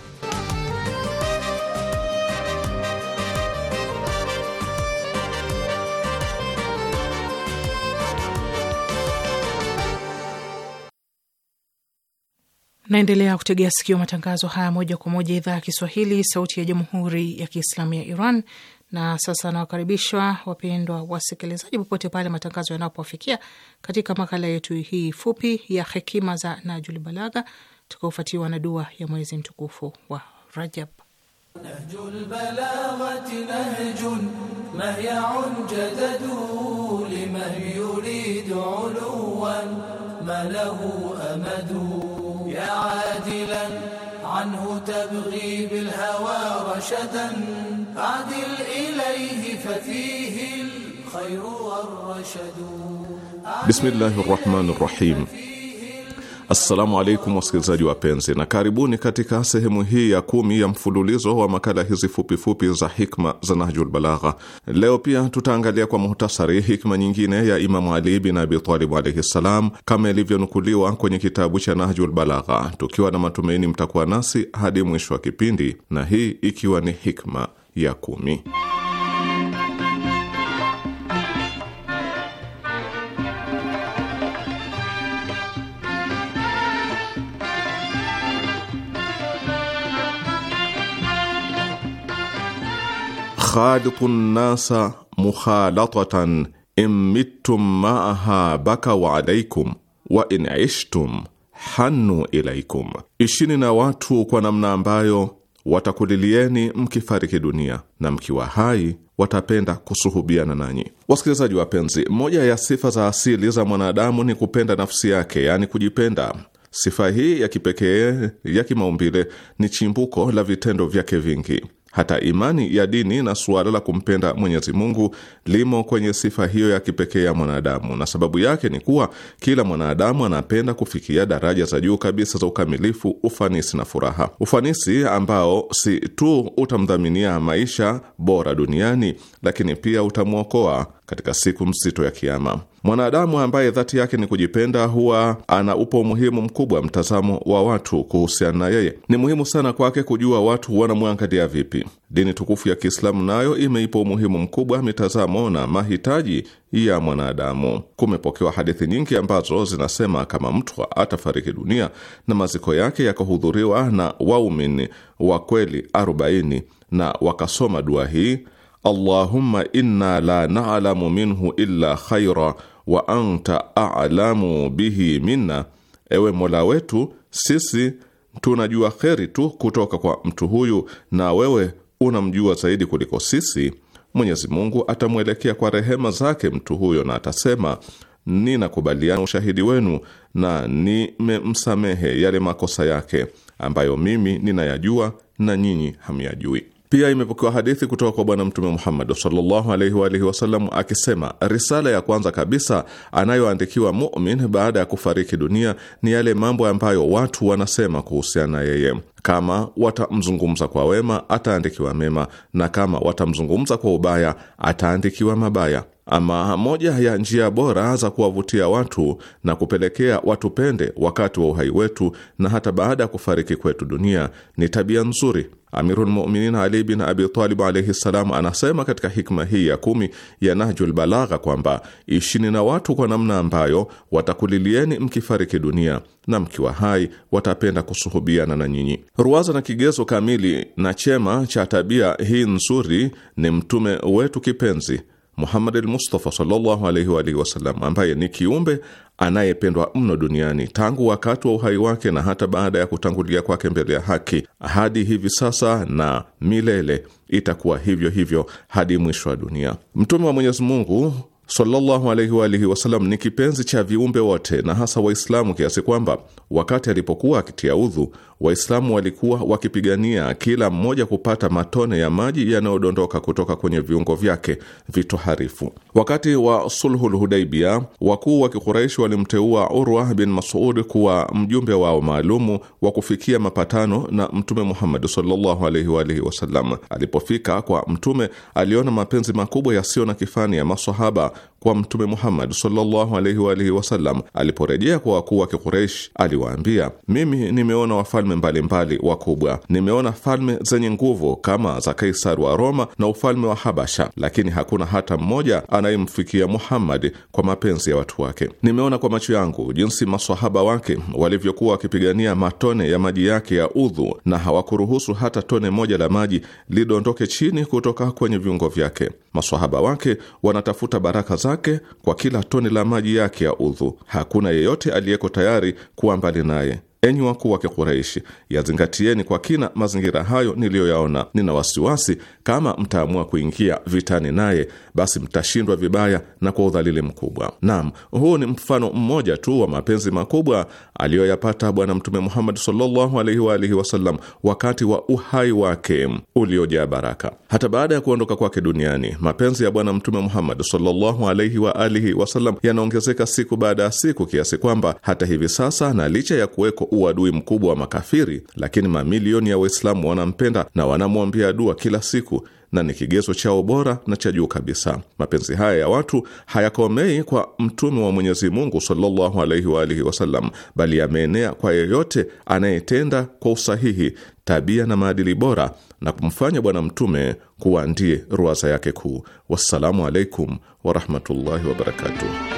Naendelea kutegea sikio matangazo haya moja kwa moja idhaa ya Kiswahili, sauti ya jamhuri ya kiislamu ya Iran na sasa nawakaribishwa wapendwa wasikilizaji, popote pale matangazo yanapowafikia, katika makala yetu hii fupi ya hekima za Najul Balagha, tukaofuatiwa na dua ya mwezi mtukufu wa Rajab. Nahjul عنه تبغي بالهوى رشدا عدل إليه ففيه الخير والرشد بسم الله الرحمن الرحيم Assalamu alaikum wasikilizaji wapenzi, na karibuni katika sehemu hii ya kumi ya mfululizo wa makala hizi fupifupi fupi za hikma za Nahjul Balagha. Leo pia tutaangalia kwa muhtasari hikma nyingine ya Imamu Ali bin Abi Talib alaihi ssalam, kama ilivyonukuliwa kwenye kitabu cha Nahjul Balagha, tukiwa na matumaini mtakuwa nasi hadi mwisho wa kipindi, na hii ikiwa ni hikma ya kumi. khalitu nnasa mukhalatatan immittum maaha baka wa wa in ishtum hannu ilaikum, ishini na watu kwa namna ambayo watakulilieni mkifariki dunia na mkiwa hai watapenda kusuhubiana nanyi. Wasikilizaji wapenzi, moja ya sifa za asili za mwanadamu ni kupenda nafsi yake, yaani kujipenda. Sifa hii ya kipekee ya kimaumbile ni chimbuko la vitendo vyake vingi. Hata imani ya dini na suala la kumpenda Mwenyezi Mungu limo kwenye sifa hiyo ya kipekee ya mwanadamu, na sababu yake ni kuwa kila mwanadamu anapenda kufikia daraja za juu kabisa za ukamilifu, ufanisi na furaha. Ufanisi ambao si tu utamdhaminia maisha bora duniani, lakini pia utamwokoa katika siku mzito ya Kiama. Mwanadamu ambaye dhati yake ni kujipenda huwa anaupa umuhimu mkubwa mtazamo wa watu kuhusiana na yeye. Ni muhimu sana kwake kujua watu wanamwangalia vipi. Dini tukufu ya Kiislamu nayo imeipa umuhimu mkubwa mitazamo na mahitaji ya mwanadamu. Kumepokewa hadithi nyingi ambazo zinasema kama mtu atafariki dunia na maziko yake yakahudhuriwa na waumini wa kweli arobaini na wakasoma dua hii Allahumma inna la na'lamu minhu illa khaira wa anta a'lamu bihi minna, ewe Mola wetu, sisi tunajua kheri tu kutoka kwa mtu huyu na wewe unamjua zaidi kuliko sisi. Mwenyezi Mungu atamwelekea kwa rehema zake mtu huyo na atasema, ninakubaliana ushahidi wenu na nimemsamehe yale makosa yake ambayo mimi ninayajua na nyinyi hamyajui. Pia imepokewa hadithi kutoka kwa Bwana Mtume Muhammad sallallahu alaihi wa alihi wasallam akisema, risala ya kwanza kabisa anayoandikiwa mumin baada ya kufariki dunia ni yale mambo ambayo watu wanasema kuhusiana na yeye. Kama watamzungumza kwa wema, ataandikiwa mema, na kama watamzungumza kwa ubaya, ataandikiwa mabaya. Ama moja ya njia bora za kuwavutia watu na kupelekea watupende wakati wa uhai wetu na hata baada ya kufariki kwetu dunia ni tabia nzuri. Amirul Muminin Ali bin Abi Talib alaihi ssalam anasema katika hikma hii ya kumi ya Nahjul Balagha kwamba ishini na watu kwa namna ambayo watakulilieni mkifariki dunia na mkiwa hai watapenda kusuhubiana na nyinyi. Ruwaza na kigezo kamili na chema cha tabia hii nzuri ni mtume wetu kipenzi Muhammad al-Mustafa sallallahu wa alihi wasallam, ambaye ni kiumbe anayependwa mno duniani tangu wakati wa uhai wake na hata baada ya kutangulia kwake mbele ya haki hadi hivi sasa na milele, itakuwa hivyo hivyo hadi mwisho wa dunia. Mtume wa Mwenyezi Mungu sallallahu alaihi wa alihi wasallam ni kipenzi cha viumbe wote na hasa Waislamu, kiasi kwamba wakati alipokuwa akitia udhu, Waislamu walikuwa wakipigania kila mmoja kupata matone ya maji yanayodondoka kutoka kwenye viungo vyake vitoharifu. Wakati wa sulhul Hudaibia, wakuu wa Kikuraishi walimteua Urwa bin Masud kuwa mjumbe wao maalumu wa kufikia mapatano na Mtume Muhammad sallallahu alaihi wa alihi wasallam. Alipofika kwa Mtume, aliona mapenzi makubwa yasiyo na kifani ya masahaba kwa Mtume Muhammad sallallahu alaihi wa alihi wasallam aliporejea kwa wakuu wa Kikureish, aliwaambia mimi nimeona wafalme mbalimbali wakubwa, nimeona falme zenye nguvu kama za Kaisari wa Roma na ufalme wa Habasha, lakini hakuna hata mmoja anayemfikia Muhammad kwa mapenzi ya watu wake. Nimeona kwa macho yangu jinsi maswahaba wake walivyokuwa wakipigania matone ya maji yake ya udhu, na hawakuruhusu hata tone moja la maji lidondoke chini kutoka kwenye viungo vyake. Maswahaba wake wanatafuta baraka sadaka zake kwa kila tone la maji yake ya udhu. Hakuna yeyote aliyeko tayari kuwa mbali naye. Enyi wakuu wa Kikureishi, yazingatieni kwa kina mazingira hayo niliyoyaona. Nina wasiwasi kama mtaamua kuingia vitani naye, basi mtashindwa vibaya na kwa udhalili mkubwa. Naam, huu ni mfano mmoja tu wa mapenzi makubwa aliyoyapata Bwana Mtume Muhammad sallallahu alaihi wa alihi wasallam wakati wa uhai wake uliojaa baraka. Hata baada ya kuondoka kwake duniani, mapenzi ya Bwana Mtume Muhammad sallallahu alaihi wa alihi wasallam yanaongezeka siku baada ya siku, kiasi kwamba hata hivi sasa na licha ya kuweko uadui mkubwa wa makafiri, lakini mamilioni ya Waislamu wanampenda na wanamwambia dua kila siku na ni kigezo chao bora na cha juu kabisa. Mapenzi haya ya watu hayakomei kwa mtume wa Mwenyezi Mungu sallallahu alaihi wa alihi wasallam, bali yameenea kwa yeyote anayetenda kwa usahihi tabia na maadili bora na kumfanya Bwana Mtume kuwa ndiye ruwaza yake kuu. Wassalamu alaikum warahmatullahi wabarakatuh.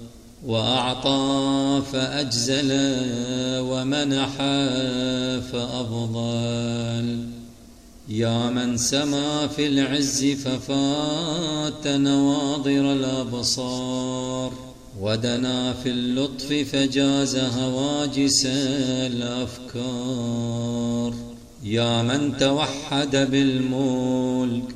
وأعطى فأجزل ومنح فأفضل يا من سما في العز ففات نواضر الأبصار ودنا في اللطف فجاز هواجس الأفكار يا من توحد بالملك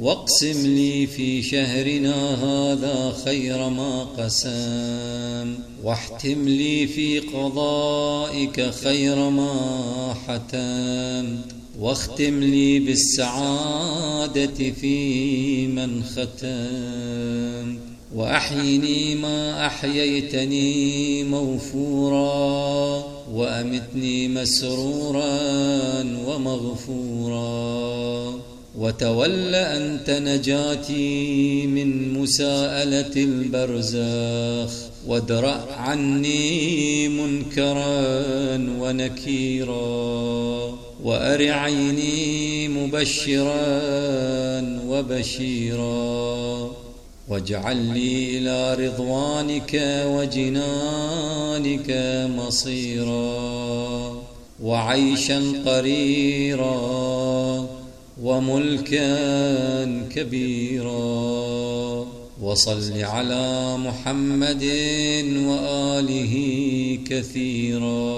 واقسم لي في شهرنا هذا خير ما قسم واحتم لي في قضائك خير ما حتم واختم لي بالسعادة في من ختم وأحيني ما أحييتني موفورا وأمتني مسرورا ومغفورا وتول أنت نجاتي من مساءلة البرزاخ وادرأ عني منكرا ونكيرا وأر عيني مبشرا وبشيرا واجعل لي إلى رضوانك وجنانك مصيرا وعيشا قريرا وملكا كبيرا وصل على محمد وآله كثيرا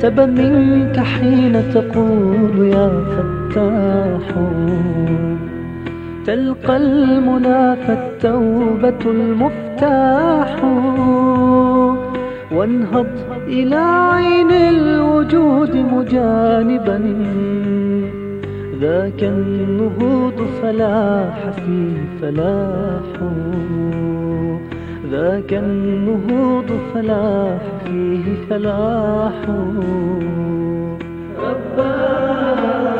تبى منك حين تقول يا فتاح تلقى المنى فالتوبة المفتاح وانهض إلى عين الوجود مجانبا ذاك النهوض فلاح فيه فلاح ذاك النهوض فلاح فيه فلاح رباه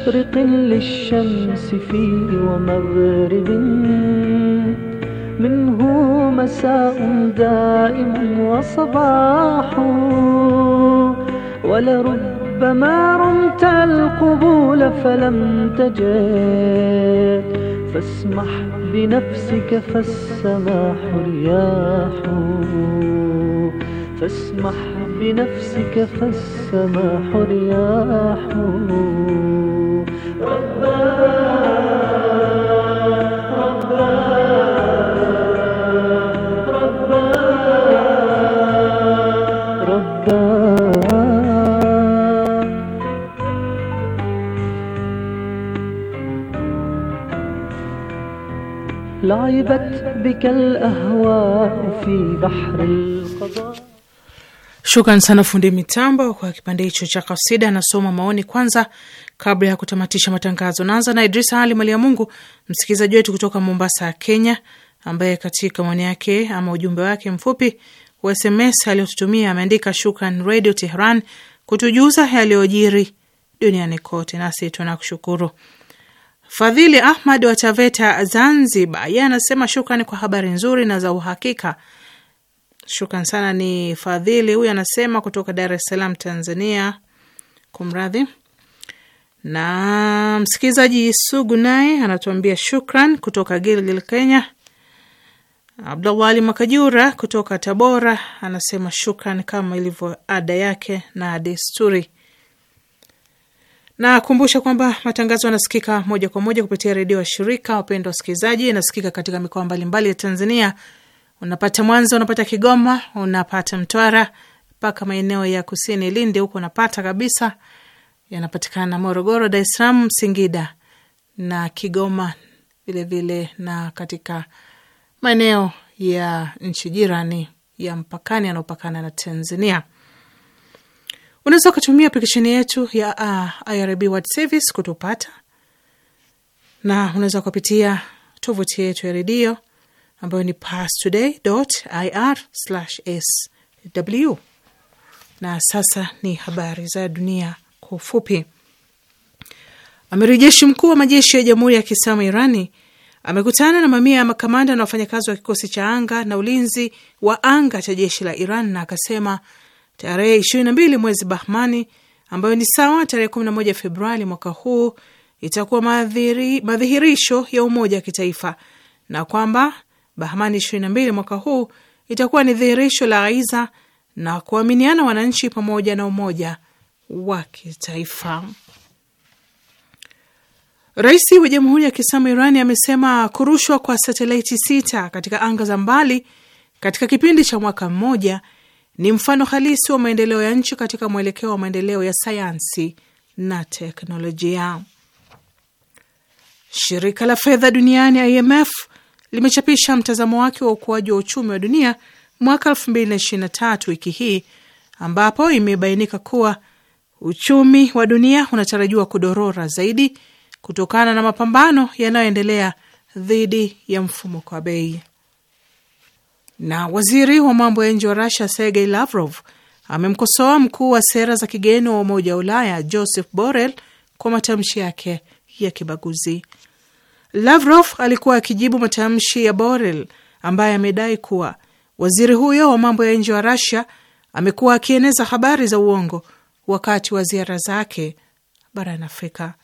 مشرق للشمس فيه ومغرب منه مساء دائم وصباح ولربما رمت القبول فلم تجد فاسمح بنفسك فالسماح رياح فاسمح بنفسك فالسماح رياح بك الأهواء في بحر القضاء. Shukran sana fundi mitambo kwa kipande hicho cha kasida. Anasoma maoni kwanza kabla ya kutamatisha matangazo. Naanza na Idrisa Ali Mali ya Mungu, msikilizaji wetu kutoka Mombasa, Kenya, ambaye katika maoni yake ama ujumbe wake mfupi wa SMS aliyotutumia ameandika shukran Radio Tehran kutujuza yaliyojiri duniani kote, nasi tunakushukuru. Fadhili Ahmad wa Taveta, Zanzibar, yeye anasema shukrani kwa habari nzuri na za uhakika. Shukran sana. Ni Fadhili huyu anasema kutoka Dar es Salaam, Tanzania. Kumradhi. Na msikilizaji Sugu naye anatuambia shukran kutoka Gilgil, Kenya. Abdulwali Makajura kutoka Tabora anasema shukran kama ilivyo ada yake na desturi. Nakumbusha kwamba matangazo yanasikika moja kwa moja kupitia redio wa shirika. Wapendwa wasikilizaji, inasikika katika mikoa mbalimbali ya Tanzania. Unapata Mwanza, unapata Kigoma, unapata Mtwara mpaka maeneo ya kusini Lindi, huko unapata kabisa. Yanapatikana Morogoro, Dar es Salaam, Singida na Kigoma vilevile, na katika maeneo ya nchi jirani ya mpakani yanayopakana na Tanzania. Unaweza ukatumia aplikesheni yetu ya uh, IRIB World Service kutupata, na unaweza ukapitia tovuti yetu ya redio ambayo ni pastoday.ir/sw. Na sasa ni habari za dunia kwa ufupi. Amiri jeshi mkuu wa majeshi ya Jamhuri ya Kiislamu Irani amekutana na mamia ya makamanda na wafanyakazi wa kikosi cha anga na ulinzi wa anga cha jeshi la Iran na akasema tarehe ishirini na mbili mwezi Bahmani ambayo ni sawa tarehe kumi na moja Februari mwaka huu itakuwa madhihirisho ya umoja wa kitaifa na kwamba Bahmani ishirini na mbili mwaka huu itakuwa ni dhihirisho la aiza na kuaminiana wananchi pamoja na umoja wa kitaifa. Rais wa Jamhuri ya Kiislamu Irani amesema kurushwa kwa satelaiti sita katika anga za mbali katika kipindi cha mwaka mmoja ni mfano halisi wa maendeleo ya nchi katika mwelekeo wa maendeleo ya sayansi na teknolojia. Shirika la fedha duniani IMF limechapisha mtazamo wake wa ukuaji wa uchumi wa dunia mwaka 2023 wiki hii, ambapo imebainika kuwa uchumi wa dunia unatarajiwa kudorora zaidi kutokana na mapambano yanayoendelea dhidi ya mfumuko wa bei. Na waziri wa mambo ya nje wa Rusia Sergei Lavrov amemkosoa mkuu wa sera za kigeni wa Umoja wa Ulaya Joseph Borrell kwa matamshi yake ya kibaguzi. Lavrov alikuwa akijibu matamshi ya Borrell ambaye amedai kuwa waziri huyo wa mambo ya nje wa Rusia amekuwa akieneza habari za uongo wakati wa ziara zake barani Afrika.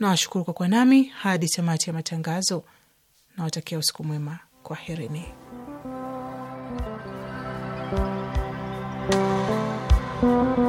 Nawashukuru kwa kuwa nami hadi tamati ya matangazo. Nawatakia usiku mwema. Kwaherini. Thank you.